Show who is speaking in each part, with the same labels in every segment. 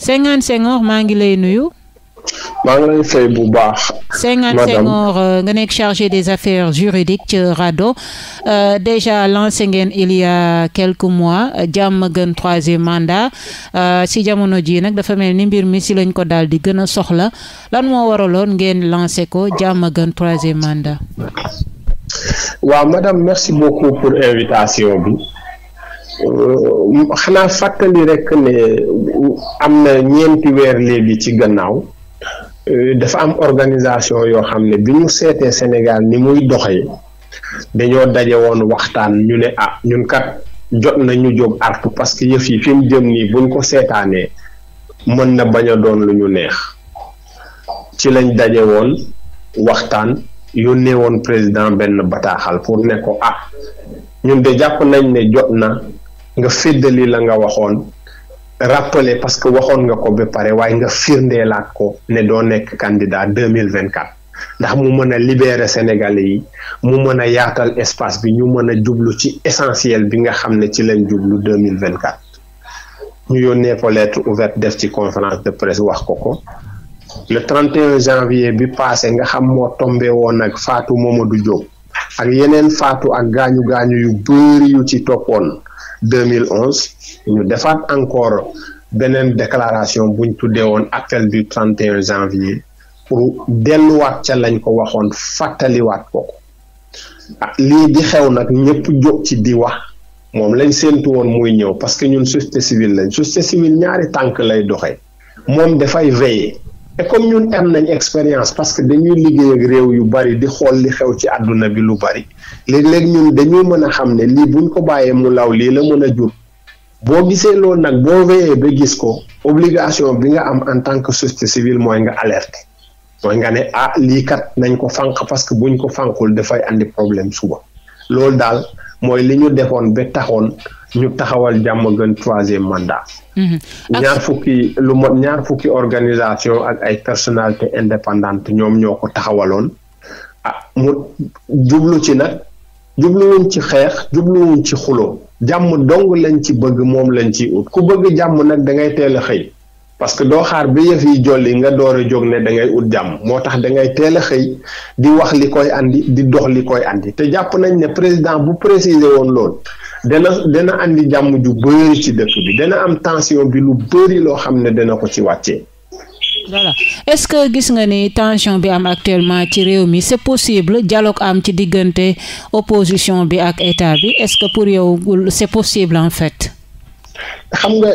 Speaker 1: Senghane Senghor maa ngi lay nuyu.
Speaker 2: maa ngi lay fay bu baax. Senghane Senghor
Speaker 1: euh, nga nekk chargé des affaires juridiques ci RADDHO euh, déjà lancé ngeen il y quelques mois jàmm gën troisième mandat euh, si jamono ji nag dafa mel ni mbir mi si lañ ko daal di gën a soxla lan moo waraloon ngeen lancé ko jàmm gën troisième mandat.
Speaker 2: waaw madame merci beaucoup pour invitation bi. Euh, xanaa fàttali rek ne am na ñeenti weer léegi ci gannaaw euh, dafa am organisation yoo xam ne bi ñu seetee Sénégal ni muy doxee dañoo daje woon waxtaan ñu ne ah ñun kat jot nañu jóg artu parce que yëf yi fi mu jëm nii buñ ko seetaanee mën na bañ a doon lu ñu neex ci lañ daje woon waxtaan yónnee woon président benn bataaxal pour ne ko ah ñun de jàpp nañ ne jot na nga féddali la nga waxoon rappeler parce que waxoon nga ko ba pare waaye nga firndeelaat ko ne doo nekk candidat deux mille vingt quatre ndax mu mën a libérer Sénégalais yi mu mën a yaatal espace bi ñu mën a jublu ci essentiel bi nga xam ne ci leen jublu deux mille vingt quatre ñu yónnee ko lettre ouverte def ci conférence de presse wax ko ko le 31 janvier bi passé nga xam moo tombé woon ak Fatou du Diop. ak yeneen faatu ak gaañu gaañu yu bëri yu ci toppoon 2011 ñu defaat encore beneen déclaration buñ tuddee woon appel du 31 janvier pour delluwaat ca lañ ko waxoon fàttaliwaat ko ah lii di xew nag ñëpp jóg ci di wax moom lañ séentu woon muy ñëw parce que ñun société civile lañ société civile ñaari tànk lay doxee moom dafay veiller te comme ñun am nañ expérience parce que dañuy liggéey ak réew yu bari di xool li xew ci àdduna bi lu bari léeg-léeg ñun dañuy mën a xam ne lii buñ ko bàyyee mu law lii la mën a jur boo gisee loolu nag boo wéyee ba gis ko obligation bi nga am en tant que société civile mooy nga alerter mooy nga ne ah lii kat nañ ko fànq parce que buñ ko fànqul dafay andi problème suba loolu daal mooy li ñu defoon ba taxoon ñu taxawal jàmm gën troisième mandat. Mhm. ñaar fukki lu mot ñaar fukki organisation ak ay personnalité indépendante ñoom ñoo ko taxawaloon ah mu jublu ci nag jubluwuñ ci xeex jubluwuñ ci xuloo jàmm dong lañ ci bëgg moom lañ ci ut ku bëgg jàmm nag da ngay teel a xëy parce que doo xaar ba yëf yi jolli nga door a jóg ne da ngay ut jàmm moo tax da ngay teel a xëy di wax li koy andi di dox li koy andi te jàpp nañ ne président bu préciser woon lool. dana dana indi jàmm ju bëri ci dëkk bi dana am tension bi lu bëri loo xam ne dana ko ci wàccee.
Speaker 1: voilà est-ce que gis nga ni tension bi am actuellement ci réew mi c'est possible dialogue am ci diggante opposition bi ak état bi est-ce que pour yow c'est possible en fait. xam nga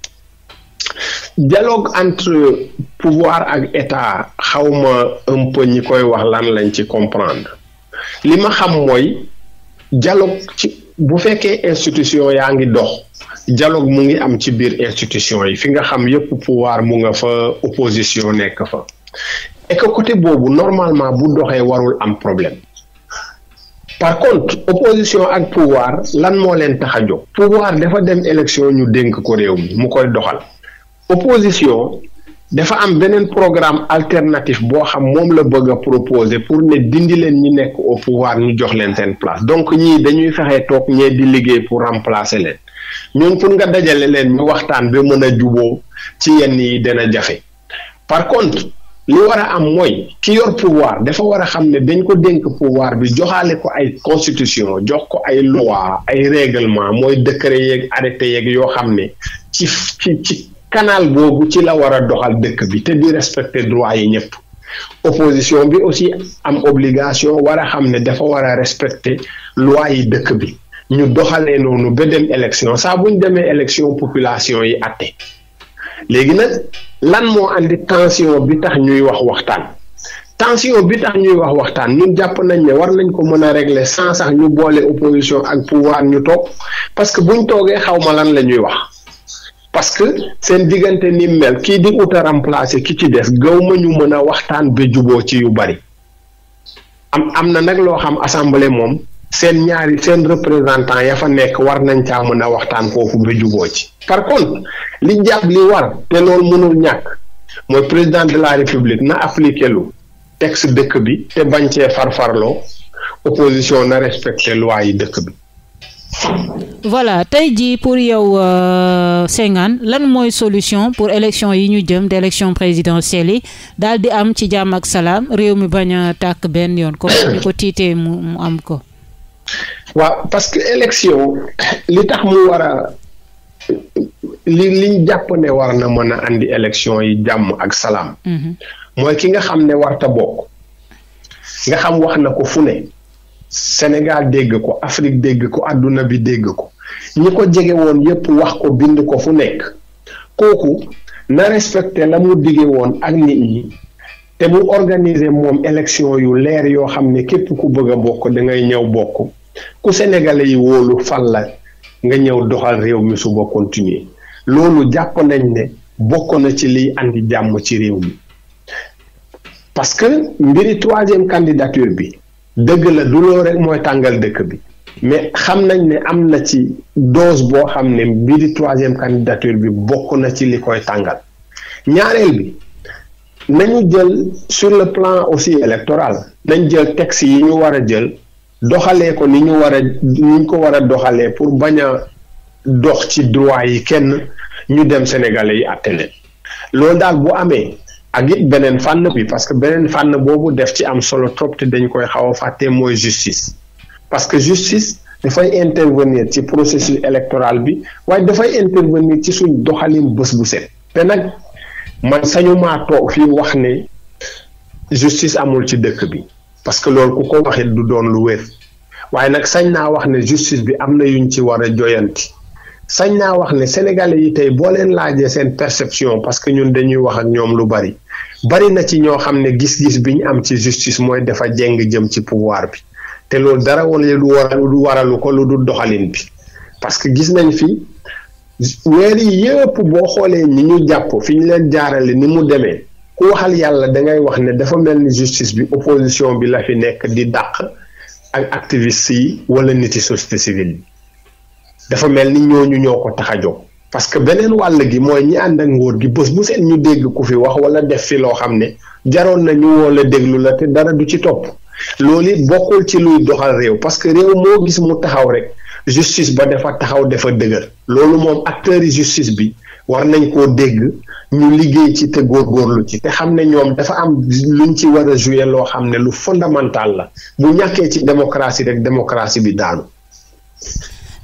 Speaker 2: dialogue entre pouvoir ak état xawma un peu ñi koy wax lan lañ ci comprendre li ma xam mooy. dialogue ci bu fekkee institution yaa ngi dox dialogue mu ngi am ci biir institution yi fi nga xam yëpp pouvoir mu nga fa opposition nekk fa et que côté boobu normalement bu doxee warul am problème par contre opposition ak pouvoir lan moo leen tax a jóg pouvoir dafa dem élection ñu dénk ko réew mi mu koy doxal opposition dafa am beneen programme alternatif boo xam moom la bëgg a proposer pour ne dindi leen ñi nekk au pouvoir ñu jox leen seen place donc ñii dañuy fexe toog ñee di liggéey pour remplacer leen ñun pour nga dajale leen ñu waxtaan bi mën a juboo ci yenn yi dana jafe par contre li war a am mooy ki yor pouvoir dafa war a xam ne dañ ko dénk pouvoir bi joxaale ko ay constitution jox ko ay loi ay règlement mooy décret yeeg arrêté yeeg yoo xam ne ci ci ci kanaal boobu ci la war a doxal dëkk bi te di respecter droit yi ñëpp opposition bi aussi am obligation war a xam ne dafa war a respecter loi yi dëkk bi ñu doxalee noonu ba dem élection saa bu ñu demee élection population yi atte léegi nag lan moo andi tension bi tax ñuy wax waxtaan tension bi tax ñuy wax waxtaan ñun jàpp nañ ne war nañ ko mën a régler sans sax ñu boole opposition ak pouvoir ñu toog parce que buñ toogee xaw ma lan la ñuy wax. parce que seen diggante ni mel kii di ut remplacer ki ci des gaw ma ñu mën a waxtaan ba juboo ci yu bari am am na nag loo xam assemblée moom seen ñaari seen représentant ya fa nekk war nañ caa mën a waxtaan foofu ba juboo ci par contre li jàpp li war te loolu mënul ñàkk mooy président de la république na appliqué lu texte dëkk bi te bañ cee farfarloo opposition na respecté loi yi dëkk bi
Speaker 1: voilà tey jii pour yow euh, Senghane lan mooy solution pour élection yi ñu jëm d' élection présidentielle yi dal di am ci jàmm ak salaam réew mi bañ a tàkk benn yoon ko ñu ko tiitee mu mu am ko
Speaker 2: waaw parce que élection li tax mu war a li liñ jàpp ne war na mën a indi élection yi jàmm ak salaam mhm. mooy ki nga xam ne warta bokk nga xam wax na ko fu ne senegal dégg ko Afrique dégg ko àdduna bi dégg ko ñi ko jege woon yépp wax ko bind ko fu nekk kooku na respecté la mu dige woon ak nit ñi te bu organiser moom élection yu leer yoo xam ne képp ku bëgg a bokk da ñëw bokk ku sénégalais yi woolu fal la nga ñëw doxal réew mi su ba continuer loolu jàpp nañ ne bokk na ci liy andi jàmm ci réew mi parce que mbiri troisième candidature bi dëgg la du loo rek mooy tàngal dëkk bi mais xam nañ ne am na ci dose boo xam ne bii di troisième candidature bi bokk na ci li koy tàngal ñaareel bi nañu jël sur le plan aussi électoral nañ jël texte yi ñu war a jël doxalee ko ni ñu war a ni ñu ko war a doxalee pour bañ a dox ci droit yi kenn ñu dem sénégalais yi àtte leen loolu daal bu amee ak it beneen fànn bi parce que beneen fànn boobu def ci am solo trop te dañ koy xaw a fàtte mooy justice parce que justice dafay intervenir ci processus électoral bi waaye dafay intervenir ci suñ doxalin bës bu set te nag man sañumaa toog fii wax ne justice amul ci dëkk bi parce que loolu ku ko waxit du doon lu wér waaye nag sañ naa wax ne justice bi am na yuñ ci war a joyanti sañ naa wax ne sénégalais yi tey boo leen laajee seen perception parce que ñun dañuy wax ak ñoom lu bari bari na ci ñoo xam ne gis-gis bi ñu am ci justice mooy dafa jeng jëm ci pouvoir bi te loolu dara wala lu war lu waralu ko lu dul doxalin bi parce que gis nañ fi weer yi yëpp boo xoolee ñi ñu jàpp fi ñu leen jaarale ni mu demee ku waxal yàlla da ngay wax ne dafa mel ni justice bi opposition bi la fi nekk di dàq ak activistes si wala nit yi société civile bi dafa mel ni ñu ñoo ko tax a jóg parce que beneen wàll gi mooy ñi ànd ak ngóor gi bés bu seen ñu dégg ku fi wax wala def fi loo xam ne jaroon na ñu woo déglu la te dara du ci topp loolu it bokkul ci luy doxal réew parce que réew moo gis mu taxaw rek justice ba dafa taxaw defa dëgër loolu moom acteurs yi justice bi war nañ koo dégg ñu liggéey ci te góor góorlu ci te xam ne ñoom dafa am luñ ci war a jouer loo xam ne lu fondamental la bu ñàkkee ci démocratie rek démocratie bi daanu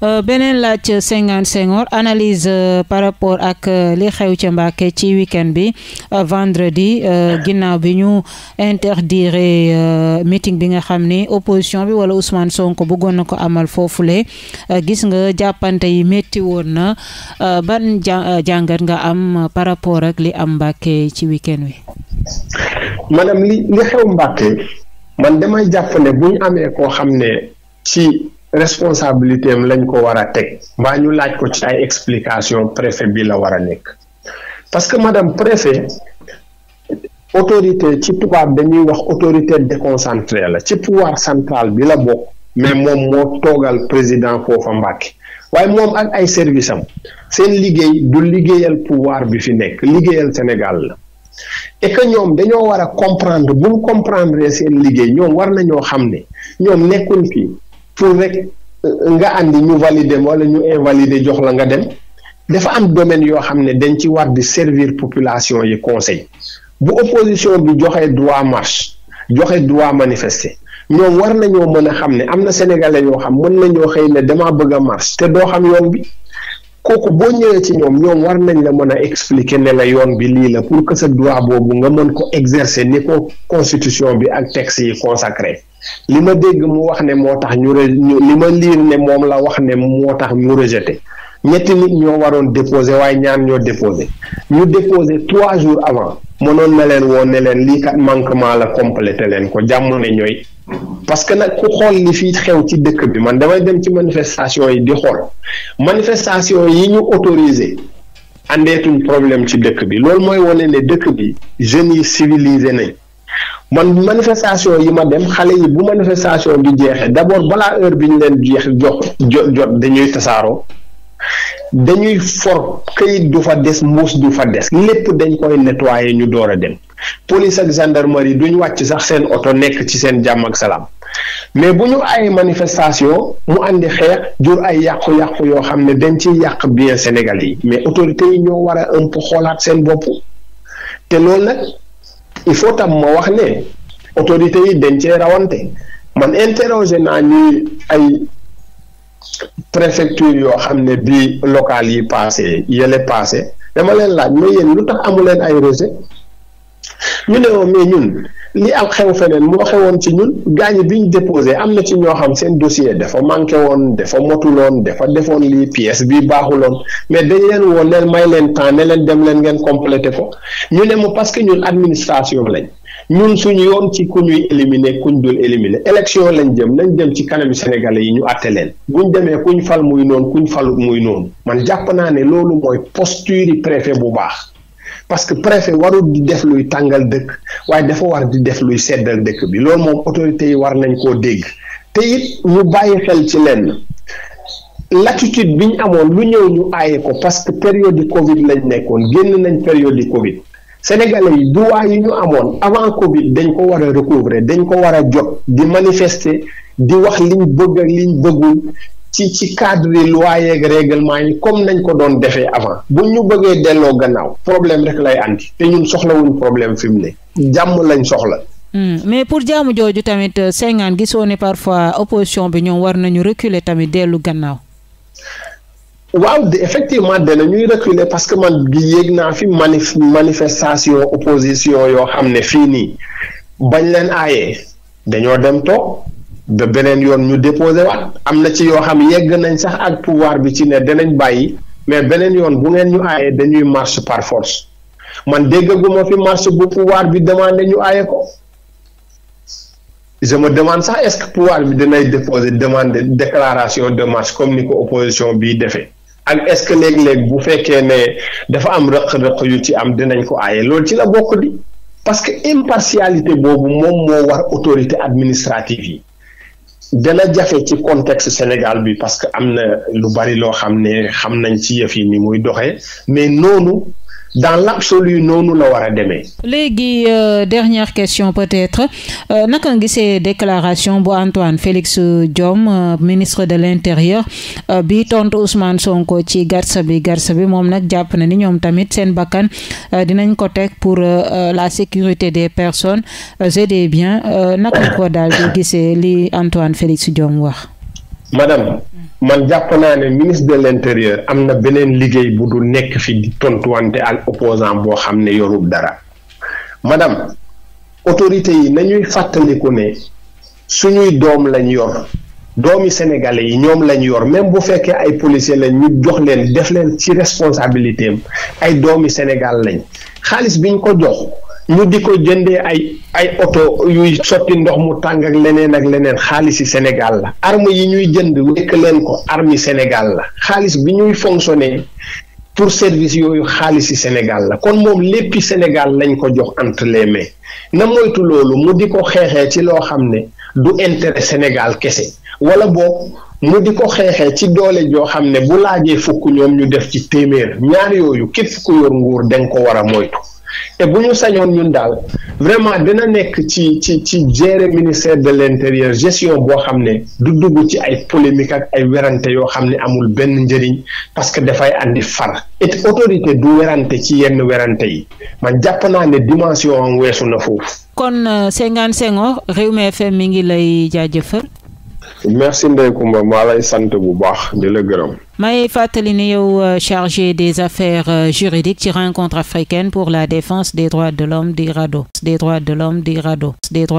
Speaker 1: Euh, beneen laaj euh, Senghane Senghor analyse euh, par rapport ak li xew ca Mbacké ci week-end bi vendredi ginnaaw bi ñu interdire meeting bi nga xam ni opposition bi wala Ousmane Sonko bëggoon na ko amal foofule gis nga jàppante yi métti woon na ban jàngat nga am par rapport ak li am Mbacké ci week bi wi.
Speaker 2: li xew Mbacké man damay jàpp ne bu amee koo xam ne ci. responsabilité am lañ ko war a teg mbaa ñu laaj ko ci ay explication préfet bi la war a nekk parce que madame préfet autorité ci tubaab dañuy wax autorité déconcentrée la ci pouvoir central bi la bokk mais moom moo toogal président foofa Mbàkke waaye moom ak ay service am seen liggéey du liggéeyal pouvoir bi fi nekk liggéeyal Sénégal la et que ñoom dañoo war a comprendre buñ comprendre seen liggéey ñoom war na ñoo xam ne ñoom nekkuñ fii pour rek euh, nga andi ñu valider wala ñu invalider jox la nga dem dafa am domaine yoo xam ne dañ ci war di servir population yi conseil bu opposition bi joxe droit marche joxe droit manifester ñoom war nañoo mën a xam ne am na sénégalais yoo xam mën nañoo xëy ne damaa bëgg a marche te doo xam yoon bi kooku boo ñëwee ci ñoom ñoom war nañ la mën a expliquer ne la yoon bi lii la pour que droit boobu nga mën ko exercer ni ko constitution bi ak texte yi consacré li ma dégg mu wax ne moo tax ñu li ma liir ne moom la wax ne moo tax mu rejeté ñetti nit ñoo waroon déposé waaye ñaan ñoo déposé ñu déposé trois jours avant mënoon na leen woon ne leen lii kat manquement la complété leen ko jàmm ne ñooy parce que nag ku xool li fii xew ci dëkk bi man damay dem ci manifestation yi di xool manifestation yi ñu autoriser andeetuñ problème ci dëkk bi loolu mooy wane ne dëkk bi jeunes yi civilisé nañ man manifestation yi ma dem xale yi bu manifestation bi jeexee d'abord balaa heure bi ñu leen jeex jox jot jot dañuy tasaaroo dañuy for këyit du fa des mbuus du fa des lépp dañ koy nettoyer ñu door a dem police ak gendarmerie duñ wàcc sax seen oto nekk ci seen jàmm ak salaam mais bu ñu ay manifestation mu andi xeex jur ay yàqu-yàqu yoo xam ne dañ ci yàq bien Sénégal yi mais autorités yi ñoo war a un xoolaat seen bopp te loolu nag il faut tam ma wax ne autorités yi dañ cee rawante man interroger naa ñuy ay préfecture yoo xam ne bii local yi passé yële passé dama leen laaj mais yéen lu tax amu leen ay rejet ñu ne mais ñun li am xew feneen moo xewoon ci ñun gaañi bi ñu déposé am na ci ñoo xam seen dossier dafa manqué woon dafa motuloon dafa defoon lii pièce bi baaxuloon mais dañ leen woon leen may leen temps ne leen dem leen ngeen complété ko ñu ne mu parce que ñun administration lañ ñun suñu yoon ci ku ñuy éliminer kuñ dul éliminer élection lañ jëm nañ dem ci kanamu sénégalais yi ñu àtte leen bu ñu demee kuñ fal muy noonu kuñ falut muy noonu man jàpp naa ne loolu mooy posture yi préfet bu baax parce que préfet warul di def luy tàngal dëkk waaye dafa war di def luy seddal dëkk bi loolu moom autorité yi war nañ koo dégg te it ñu bàyyi xel ci lenn l'attitude bi ñu amoon lu ñëw ñu aaye ko parce que période de Covid lañ nekkoon génn nañ période de Covid sénégalais yi droit yi ñu amoon avant Covid dañ ko war a recouvrer dañ ko war a jot di manifester di wax liñ bëgg ak liñ bëggul ci ci cadre yi loi yeeg règlement yi comme nañ ko doon defee avant bu ñu bëggee delloo gannaaw problème rek lay andi te ñun wuñ problème fi mu ne jàmm lañ soxla.
Speaker 1: Hmm. mais pour jàmm jooju tamit euh, Senghane gisoo ne parfois opposition bi ñoom war nañu reculer tamit dellu gannaaw.
Speaker 2: waaw de effectivement danañuy reculer parce que man gi yéeg naa fi manif manifestation opposition yoo xam ne fii nii bañ leen aayee dañoo dem toog. ba beneen yoon ñu déposé waat am na ci yoo xam yegg nañ sax ak pouvoir bi ci ne danañ bàyyi mais beneen yoon bu ngeen ñu aayee dañuy marche par force man déggaguma fi marche bu pouvoir bi demande ñu aaye ko sama demande sax est-ce que pouvoir bi danay déposer demande déclaration de marche comme ni ko opposition bi defee ak est-ce que léeg-léeg bu fekkee ne dafa am rëq-rëq yu ci am dinañ ko aaye loolu ci la bokk di parce que impartialité boobu moom moo war autorité administrative yi dana jafe ci contexte Sénégal bi parce que am na lu bari loo xam ne xam nañ ci yëf yi ni muy doxee mais noonu dans l'absolu noonu la war a demee.
Speaker 1: léegi euh, dernière question peut-être euh, naka nga gisee déclaration bu Antoine Félix jom euh, ministre de l'intérieur bi tontu Ousmane Sonko ci garsa bi garsa bi moom nag jàpp na ni ñoom tamit seen bakkan dinañ ko teg pour la sécurité des personnes et des biens naka ko daal di gisee li Antoine Félix Diome wax.
Speaker 2: man jàpp naa ne ministre de l' intérieur am na beneen liggéey bu du nekk fi di tontuwante ak opposant boo xam ne yorul dara madame autorité yi nañuy fàttaliku ne suñuy doom lañ yor doomi sénégalais yi ñoom lañ yor même bu fekkee ay policier lañ ñu jox leen def leen ci responsabilité ay doomi Sénégal lañ xaalis biñ ko jox ñu di ko jëndee ay ay oto yuy sotti ndox mu tàng ak leneen ak leneen xaalis yi Sénégal la arme yi ñuy jënd wekk leen ko arme yi Sénégal la xaalis bi ñuy fonctionner pour service yooyu xaalis yi Sénégal la kon moom léppi Sénégal lañ ko jox entre les mains na moytu loolu mu di ko xeexee ci loo xam ne du intére Sénégal kese wala boo mu di ko xeexee ci doole joo xam ne bu laajee fukk ñoom ñu def ci téeméer ñaar yooyu képp ku yor nguur danga ko war a moytu et bu ñu sañoon ñun daal vraiment dina nekk ci ci ci gérer ministère de l'intérieur gestion boo xam ne du dugg ci ay polémique ak ay werante yoo xam ne amul benn njëriñ parce que dafay andi far et autorité du werante ci yenn werante yi man jàpp naa ne dimension am weesu na foofu.
Speaker 1: kon euh, Senghane Senghor Rewmi FM mi ngi lay jaajëfal.
Speaker 2: merci Ndeye Comba maa lay sant bu baax di la gërëm.
Speaker 1: may fàttali ne yow euh, chargé des affaires euh, juridiques ci rencontre africaine pour la défense des droits de l'homme di RADDHO des droits de l'homme di RADDHO